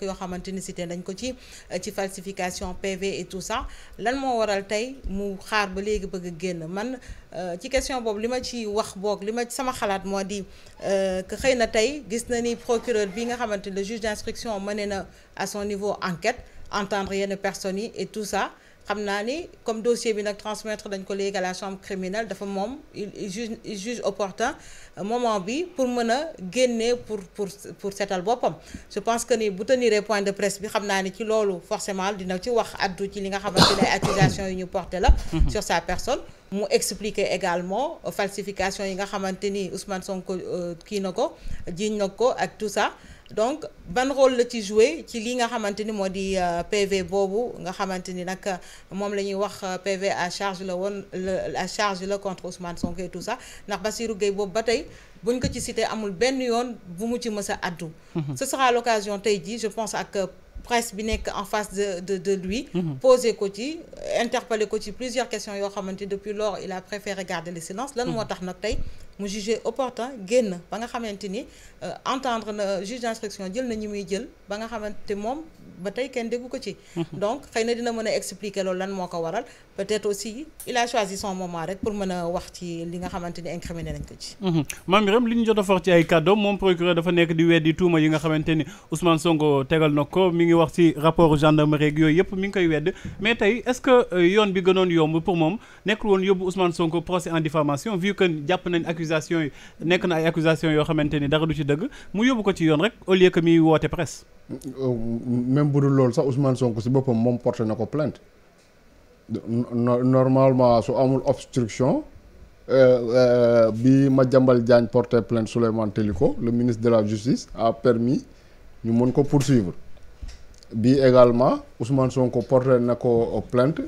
nekk yoo xamante ni cité dañ ko ci euh, ci falsification PV et tout ça lan moo waral tey mu xaar ba léegi bëgg a génn man euh, ci question boobu li ma ci wax boog li ma sama xalaat moo di euh, que xëy na tey gis na ni procureur bi nga xamante ni le juge d'instruction mené na à son niveau enquête entendre yenn personnes yi et tout ça xam naa ni comme dossier bi nag transmettre dañ ko léegi à la chambre criminelle dafa moom il juge il juge opportun euh, moment bi pour mën a génne pour pour pour seetal boppam je pense que ni bu teniree point de presse bi xam naa ni ci loolu forcément dina ci wax addu ci li nga xamante ne accusation yu ñu porté la mhm. sur sa personne mu expliquer également euh, falsification yi nga xamante ni Ousmane Sonko euh, kii na ko jiiñ na ko ak tout ça donc ban rôle la ci joué ci li nga xamante ni moo di euh, PV boobu nga xamante ni nag euh, moom la ñuy wax euh, PV à charge la woon la à charge la contre Ousmane Sonko et tout ça ndax Bassirou Gueye boobu ba tey buñ ko ci cité amul benn yoon bu mu ci mës a addu mm-hmm. ce sera l'occasion tey jii je pense ak presse bi nekk en face de de de lui. Mm-hmm. poser ko ci interpeller ko ci plusieurs questions yoo xamante ni depuis lors il a préféré garder le silence. lan moo mm-hmm. tax nag tey. mu jugé opportun génn ba nga xamante ni euh, entendre na juge d'instruction jël na ñi muy jël ba nga xamante moom ba tey kenn déggu ko ci mhm. donc xëy na dina mën a loolu lan moo ko waral peut aussi il a choisi rek pour mën a wax ci li nga xamante ni incriminé nañ ko ci mhm. maam Birame li ñu jot a for ci ay kàddoom moom procureur dafa nekk di weddi tuuma yi nga xamante ni Ousmane Sonko tegal na ko mi ngi wax ci rapport gendarmerie yooyu yëpp accusations yi nekk na ay accusations yoo xamante ni dara du ci dëgg mu yóbbu ko ci yoon rek au lieu que muy woote presse. Euh, même bu dul loolu sax Ousmane sonk si boppam moom porté na ko plainte normalement su amul obstruction. Euh, euh, bi Madiambal Diagne porté plainte Souleymane Teliko le ministre de la justice a permis ñu mën ko poursuivre bi également Ousmane Sonko na ko plainte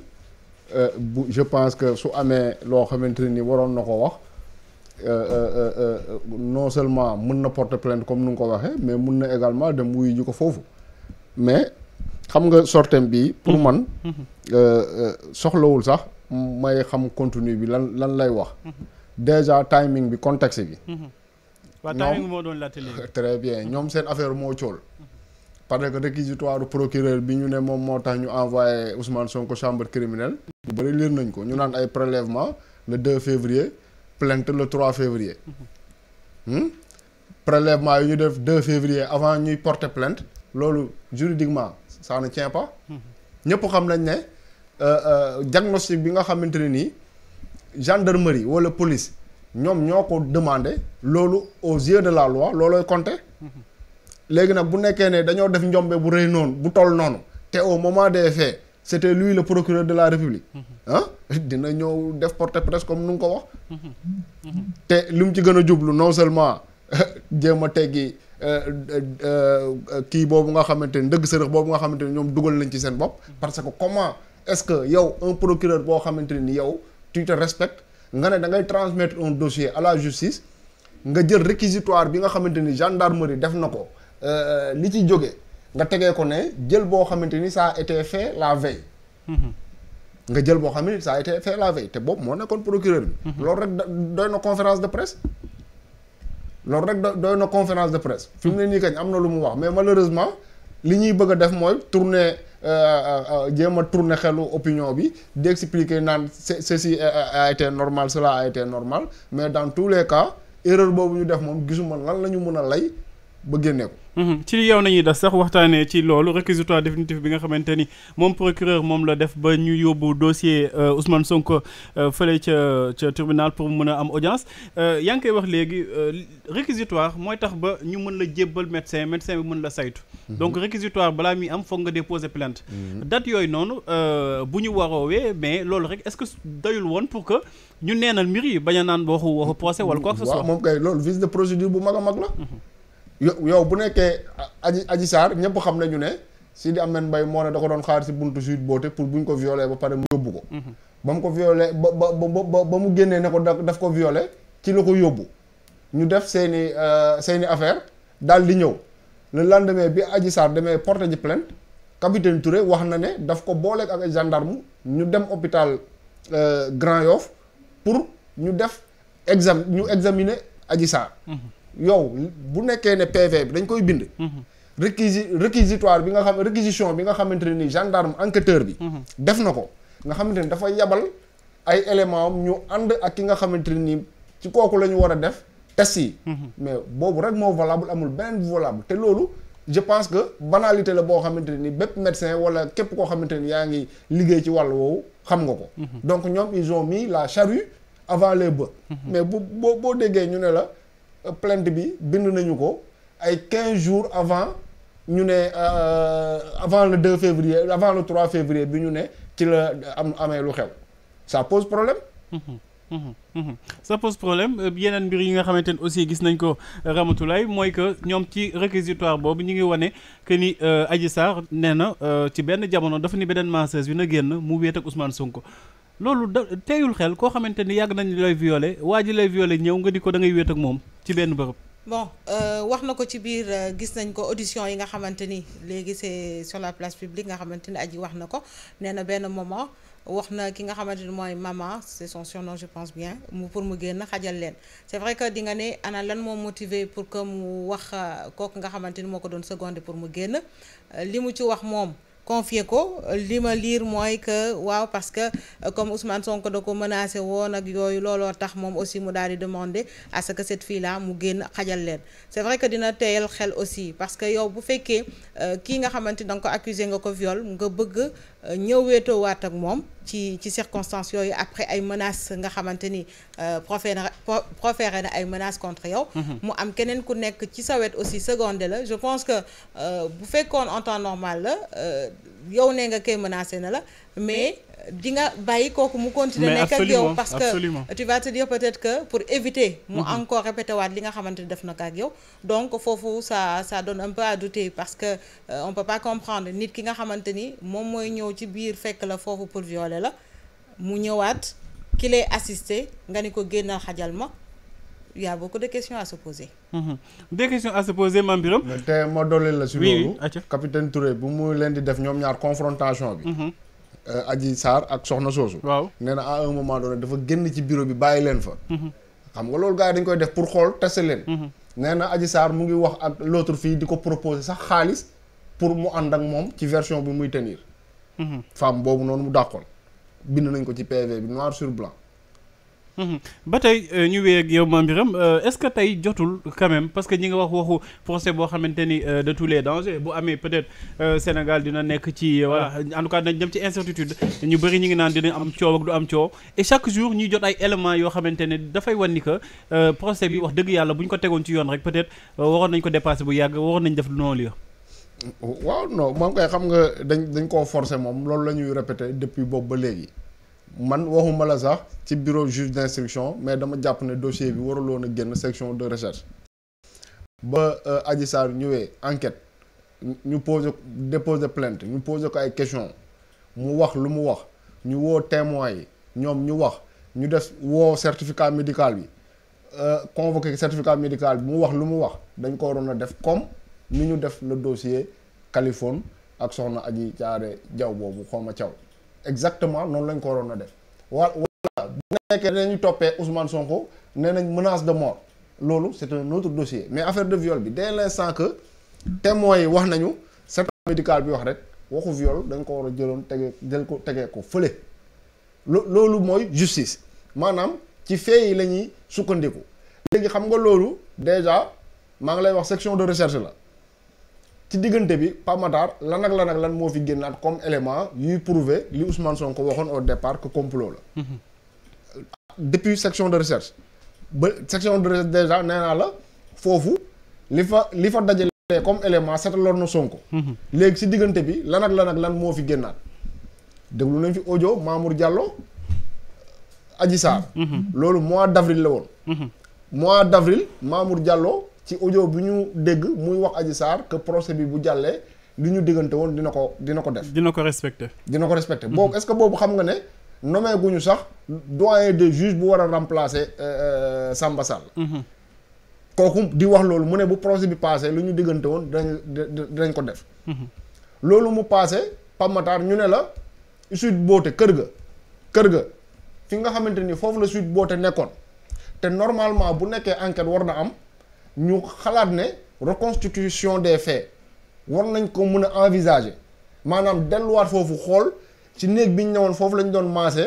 bu je pense que su amee loo xamante ni waroon na ko wax Euh, euh, euh, non seulement mën na porter plainte comme nu nga ko waxee mais mun na également dem wuyu ji ko foofu mais xam nga sortem bi pour man soxlawul sax may xam contenu bi lan lan lay wax déjà timing bi contexte bi waaw timing moo doon laajte léegi très bien ñoom seen affaire moo cool parce que réquisitoire procureur bi ñu ne moom moo tax ñu envoyé Ousmane Sonko chambre criminelle ñu bëri liir nañ ko ñu naan ay prélèvement le 2 février plainte le 3 février. Hmm? prélèvement yi ñu def 2 février avant ñuy porter plainte loolu juridiquement ça ne tient pas. ñëpp xam nañ ne euh, euh, diagnostic bi nga xamante ne nii gendarmerie wala police ñoom ñoo ko demandé loolu aux yeux de la loi loolooy compté. léegi nag bu nekkee ne dañoo def njombe bu rëy noonu bu toll noonu te au moment des faits. c'était lui le procureur de la République dina ñëw def porte presse comme nu nga ko wax te li mu ci gën a jublu non seulement euh, jéem a teggi euh, euh, kii boobu nga xamante ni ndëgg sërëx boobu nga xamante ni ñoom dugal nañ ci seen bopp parce que comment est-ce que yow un procureur boo xamante ni yow tu te respectes nga ne da ngay transmettre un dossier à la justice nga jël réquisitoire bi nga xamante ni gendarmerie def na ko li ci jóge nga tegee ko ne jël boo xamante ni ça a été fait la veille. nga jël boo xam ne ça a été fait la veille te boobu moo nekkoon procureur bi. Mhm. loolu rek doy na de presse. loolu rek doy na conférence de presse. fi mu ne nii kañ am na lu mu wax mais malheureusement li ñuy bëgg a def mooy tourner euh, euh, euh, jéem a tourner xelu opinion bi di expliquer naan ceci a été normal cela a été normal mais dans tous les cas erreur boobu ñu def moom gisuma lan la ñu mën a lay. ba génne ko. Mhm. ci yow nañuy des sax waxtaanee ci loolu réquisitoire définitif bi nga xamante ni moom procureur moom la def ba ñu yóbbu dossier euh, Ousmane Sonko euh, fële ca ca tribunal pour mu mën a am audience euh, yaa ngi koy wax léegi réquisitoire mooy tax ba ñu mën la jébbal médecin médecin bi mën la saytu. Mhm. donc réquisitoire balaa muy am foog nga déposer plainte. Mhm. date yooyu noonu bu ñu waroowee mais loolu rek est-ce que dayul woon pour que ñu neenal mbir yi bañ a naan waxu waxu procès wala quoi que ce soit. waaw moom kay loolu vice de a mag yow bu nekkee aji aji saar ñëpp xam nañu ne Sidi Ahmed mbay moo ne da ko doon xaar buntu Sweet Beauté pour buñ ko violé ba pare mu yóbbu ko. Mhm. ba mu ko violé ba ba ba ba mu génnee ne ko daf ko violé ci la ko yóbbu ñu def seeni euh, seeni affaire daal di ñëw le lendemain bi aji saar demee porté ji plainte capitaine Touré wax na ne daf ko booleeg ak ay gendarme ñu dem hôpital euh, Grand Yoff pour ñu def exam ñu examiner aji saar. Mhm. yow bu nekkee ne PV bi dañ koy bind. Mhm. réquisi réquisitoire bi nga xam réquisition bi nga xamante ne ni gendarme enquêteur bi. Mhm. def na ko nga xamante ni dafa yabal ay éléments am ñu ànd ak ki nga xamante ne nii ci kooku la ñu war a def test yi. Mhm. mais boobu rek moo valable amul beneen valable te loolu. je pense que banalité la boo xamante ne ni bépp médecin wala képp koo xamante ni yaa ngi liggéey ci wàll woowu xam nga ko. donc ñoom ils ont la charrue avant les bœufs. mais bu boo boo déggee ñu ne la. plainte bi bind nañu ko ay 15 jours avant ñu ne euh, euh, avant le 2 février avant le 3 février bi ñu ne ci la am amee lu xew ça pose problème. Mhm. Mhm. Mhm. ça pose problème euh, yeneen mbir yi nga xamante ne aussi gis nañ ko Ramatoulaye mooy que ñoom ci réquisitoire boobu ñu ngi wane que ni Adji Sarr nee na ci benn jamono dafa ni beneen masseuse bi na génn mu wéet ak Ousmane Sonko. loolu da teeyul xel koo xamante ni yàgg nañ lay violer waa ji lay violer ñëw nga di ko dangay ngay wéet ak moom ci benn bërëb. bon euh, wax na ko ci biir euh, gis nañ ko audition yi nga xamante ni léegi c'est sur la place publique nga xamante ni aji wax na ko nee na benn moment wax na ki nga xamante ni mooy maman c'est son surnom je pense bien mu pour mu génn xajal leen c'est vrai que di nga ne ana lan moom motivé pour que mu wax euh, kooku nga xamante ni moo ko doon secondé pour mu génn li mu ci wax moom. confier ko li ma liir mooy que waaw parce que euh, comme Ousmane sonk da ko menacé woon ak yooyu looloo tax moom aussi mu daal di demander à ce que cette mu génn xajal leen c'est vrai que dina teyal xel aussi parce que yow bu fekkee euh, kii nga xamante da nga ko accuser nga ko viol nga bëgg euh, ñëw waat ak moom ci ci circonstances yooyu après ay menaces nga xamante ni proféré euh, proféré na ay menaces contre yow. Mhm. mu am keneen ku nekk ci sa wet aussi secondé la je pense que euh, bu fekkoon en temps normal la euh, yow nee nga koy menacé na la mais. di nga bàyyi kooku mu continuer nekk ak yow parce que tu vas te dire peut-être que pour éviter mu mm-hmm. encore répété li nga xamante def na ko ak yow donc foofu ça ça donne un peu à parce que euh, on peut pas comprendre nit ki nga xamante ni moom mooy ñëw ci biir fekk la foofu pour violer la mu ñëwaat ki lay assister nga ni ko génnal xajal ma il y a beaucoup de questions à se poser. Mmh. des questions à se poser Mame Birame. te ma dolli la si loolu. capitaine Touré bu mu di def ñoom ñaar confrontation Euh, Adji saar ak soxna soosu waaw nee na à un moment dafa génn ci bureau bi bàyyi leen fa mhm. xam nga loolu gars yi dañ koy def pour xool tester leen mhm. nee na Adji Sarr mu ngi wax ak l'autre fii di ko proposer sax xaalis pour mu ànd ak moom ci version bi muy tenir mhm. femme boobu noonu mu dàqoon bind nañ ko ci PV bi noir sur blanc Mhm. ba tey euh, ñu wéy ak yow Mame Birame euh, est-ce que tey jotul quand même parce que ñi nga wax waxu procès boo xamante ni euh, de tous les dangers bu amee peut-être Sénégal dina nekk ci voilà en tout dañ dem ci incertitude ñu bari ñu ngi naan dina am coow ak du am coow et chaque jour ñuy jot ay éléments yoo xamante ne dafay wan ni que procès bi wax dëgg yàlla bu ñu ko tegoon ci yoon rek peut-être waroon nañ ko dépasser bu yàgg waroon nañ def non ya waaw non moom kay xam nga dañ dañ koo forcer moom loolu la ñuy répéter depuis boobu ba léegi man waxuma la sax ci bureau juge d'instruction mais dama jàpp ne dossier bi waruloon a génn section de recherche ba euh, Adji Sarr ñëwee enquête ñu posé déposé plainte ñu posé ko ay question mu wax lu mu wax ñu woo témoins yi ñoom ñu wax ñu def woo certificat médical bi euh, convoqué certificat médical bi mu wax lu mu wax dañ ko waroon a def comme ni ñu def le dossier Californie ak soxna Adji Thiaré Diaw boobu xawma Thiaw exactement noonu lañ ko waroon a def wa voilà bu nekkee dañuy toppee Ousmane Sonko nee nañ menace de mort loolu c' est un autre dossier mais affaire de viol bi dès l' instant que témoins yi wax nañu certificat médical bi wax rek waxu viol dañ ko war a jëloon tege jël ko tegee ko fële loolu mooy justice maanaam ci fee yi la ñuy sukkandiku léegi xam nga loolu déjà maa ngi lay wax section de recherche la ci diggante bi Pape Matar lan ak lan ak lan moo fi génnaat comme élément yuy prouver li Ousmane Sonko waxoon au départ que complot la. depuis section de recherche ba section de recherche déjà nee la foofu li fa li fa dajalee comme élément seetaloon na Sonko. léegi si diggante bi lan ak lan lan moo fi génnaat déglu nañ fi audio Mamour Diallo Adji Sarr. Mhm. loolu mois d' avril la woon. Mhm. mois d' avril Mamour Diallo. ci audio bu ñu dégg muy wax aji Sarr que procès bi bu jàllee li ñu diggante woon dina ko dina ko def. dina ko respecté. dina ko respecté mhm. boobu est-ce que boobu xam nga ne gu ñu sax doyen des juges bu war a remplacer euh, euh, Samba Sall. Mhm. kooku di wax loolu mu ne bu procès bi passé lu ñu diggante woon dinañ dinañ ko def. Mhm. loolu mu passé Pape Matar ñu ne la suite boote kër ga. kër ga fi nga xamante ni foofu la suite boote nekkoon te normalement bu nekkee enquête war na am. ñu xalaat ne reconstitution des faits war nañ ko mën a envisager maanaam delluwaat foofu xool ci néeg bi ñu newoon foofu lañ doon maase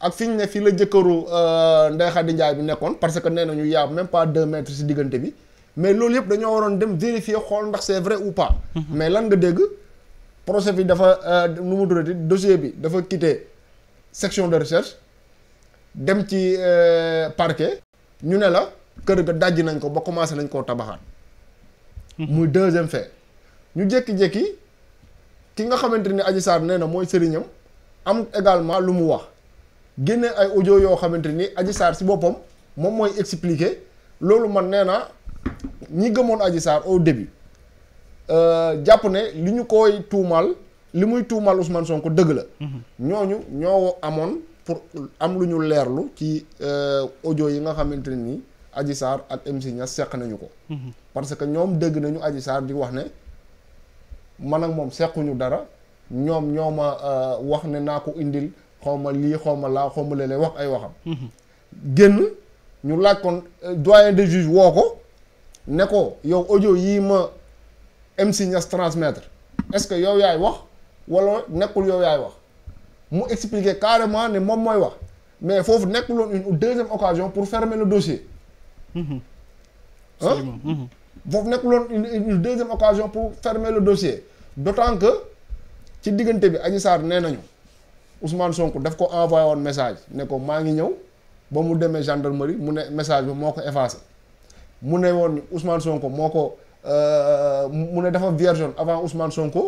ak fi ñu ne fii la jëkkëru euh, Ndeye di Ndiaye bi nekkoon parce que nee nañu yaa même pas deux mètres ci diggante bi mais loolu yëpp dañoo waroon dem vérifier xool ndax c'est vrai ou pas. Mm-hmm. mais lan nga dégg procès bi dafa euh, nu mu tuddati dossier bi dafa quitté section de recherche dem ci euh, parquet ñu ne la. kër ga dajj nañ ko ba commencé nañ koo tabaxaat. muy deuxième fait. ñu jékki-jékki ki nga xamante ni Adji Sarr nee na mooy sëriñam am également lu mu wax génne ay audio yoo xamante ni Adji Sarr si boppam moom mooy expliquer loolu man nee na ñi gëmoon Adji Sarr au début euh, jàpp ne li ñu koy tuumaal li muy tuumaal Ousmane Sonko dëgg la. Mm-hmm. ñooñu ñoo amoon pour am lu ñu leerlu ci ojo euh, yi nga xamante Adji Sarr ak MC Niass seq nañu ko. Mhm. parce que ñoom dégg nañu Adji Sarr di wax ne man nag moom sequñu dara ñoom ñoo ma euh, wax ne naa ko indil xaw ma lii xaw ma laa xaw ma lee wax ay waxam. Mhm. génn ñu laaj kon euh, doyen de juge woo ko ne ko yow audio yii ma MC Niass transmettre est-ce que yow yaay wax walla nekkul yow yaay wax mu expliquer carrément ne moom mooy wax mais foofu nekkuloon une deuxième occasion pour fermer le dossier. Mhm. ah boobu mhm. nekkuloon une deuxième occasion pour fermer le dossier d'autant que ci diggante bi Adji Sarr nee nañu Ousmane Sonko daf ko envoyé woon message ne ko maa ngi ñëw ba mu demee gendarmerie mu ne message bi moo ko effacé mu ne woon Ousmane Sonko moo ko euh, mu ne dafa vierge avant Ousmane Sonko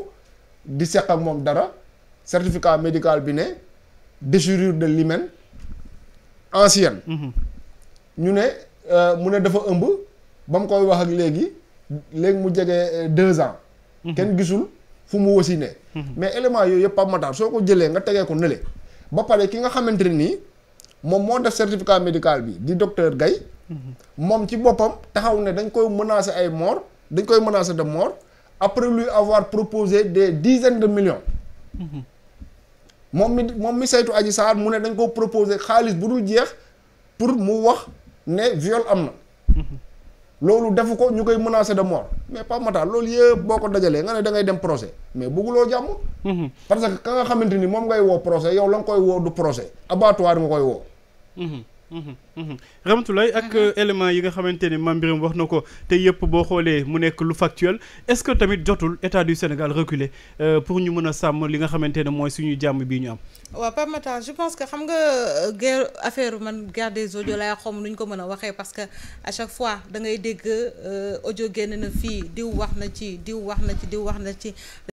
di seq ak moom dara certificat médical bi ne déchirure de l'hymen ancienne mhm. ñu ne Euh, mu ne dafa ëmb ba mu koy wax ak léegi léegi mu jege euh, deux ans. Mhm. kenn gisul fu mu wasi ne. Mhm. mais élément yooyu yëpp Pape Matar soo ko jëlee nga tegee ko nële. ba pare ki nga xamante ne nii moom moo def certificat médical bi di docteur Gaye mhm. moom ci boppam taxaw ne dañ koy menacer ay mort dañ koy menacer de mort après lui avoir proposé des dizaines de millions. moom mi moom mi saytu Adji Sarr mu ne dañ ko proposé xaalis bu dul jeex pour mu wax. ne viol am na. loolu defu ko ñu koy menacé de mort mais Pape Matar loolu yëpp boo ko dajalee nga ne da ngay dem projet mais bugguloo jàmm. Mhm. parce que ka nga xamante ni moom ngay woo procès yow la nga koy woo du procès abattoir nga koy woo. Mhm. Mm-hmm. Ramatoulaye ak mm-hmm. euh, éléments yi nga xamante ni Mame Birame wax na ko te yëpp boo xoolee mu nekk lu factuel est-ce que tamit jotul état du Sénégal reculer euh, pour ñu mën a sàmm li nga xamante ne mooy suñu jàmm bii ñu am. waaw Pape Matar je pense que xam nga euh, guerre affaire man guerre des audios laa xam nu ñu ko mën a waxee parce que à chaque fois da ngay dégg audio génn na fii diw wax na ci diw wax na ci diw wax na ci.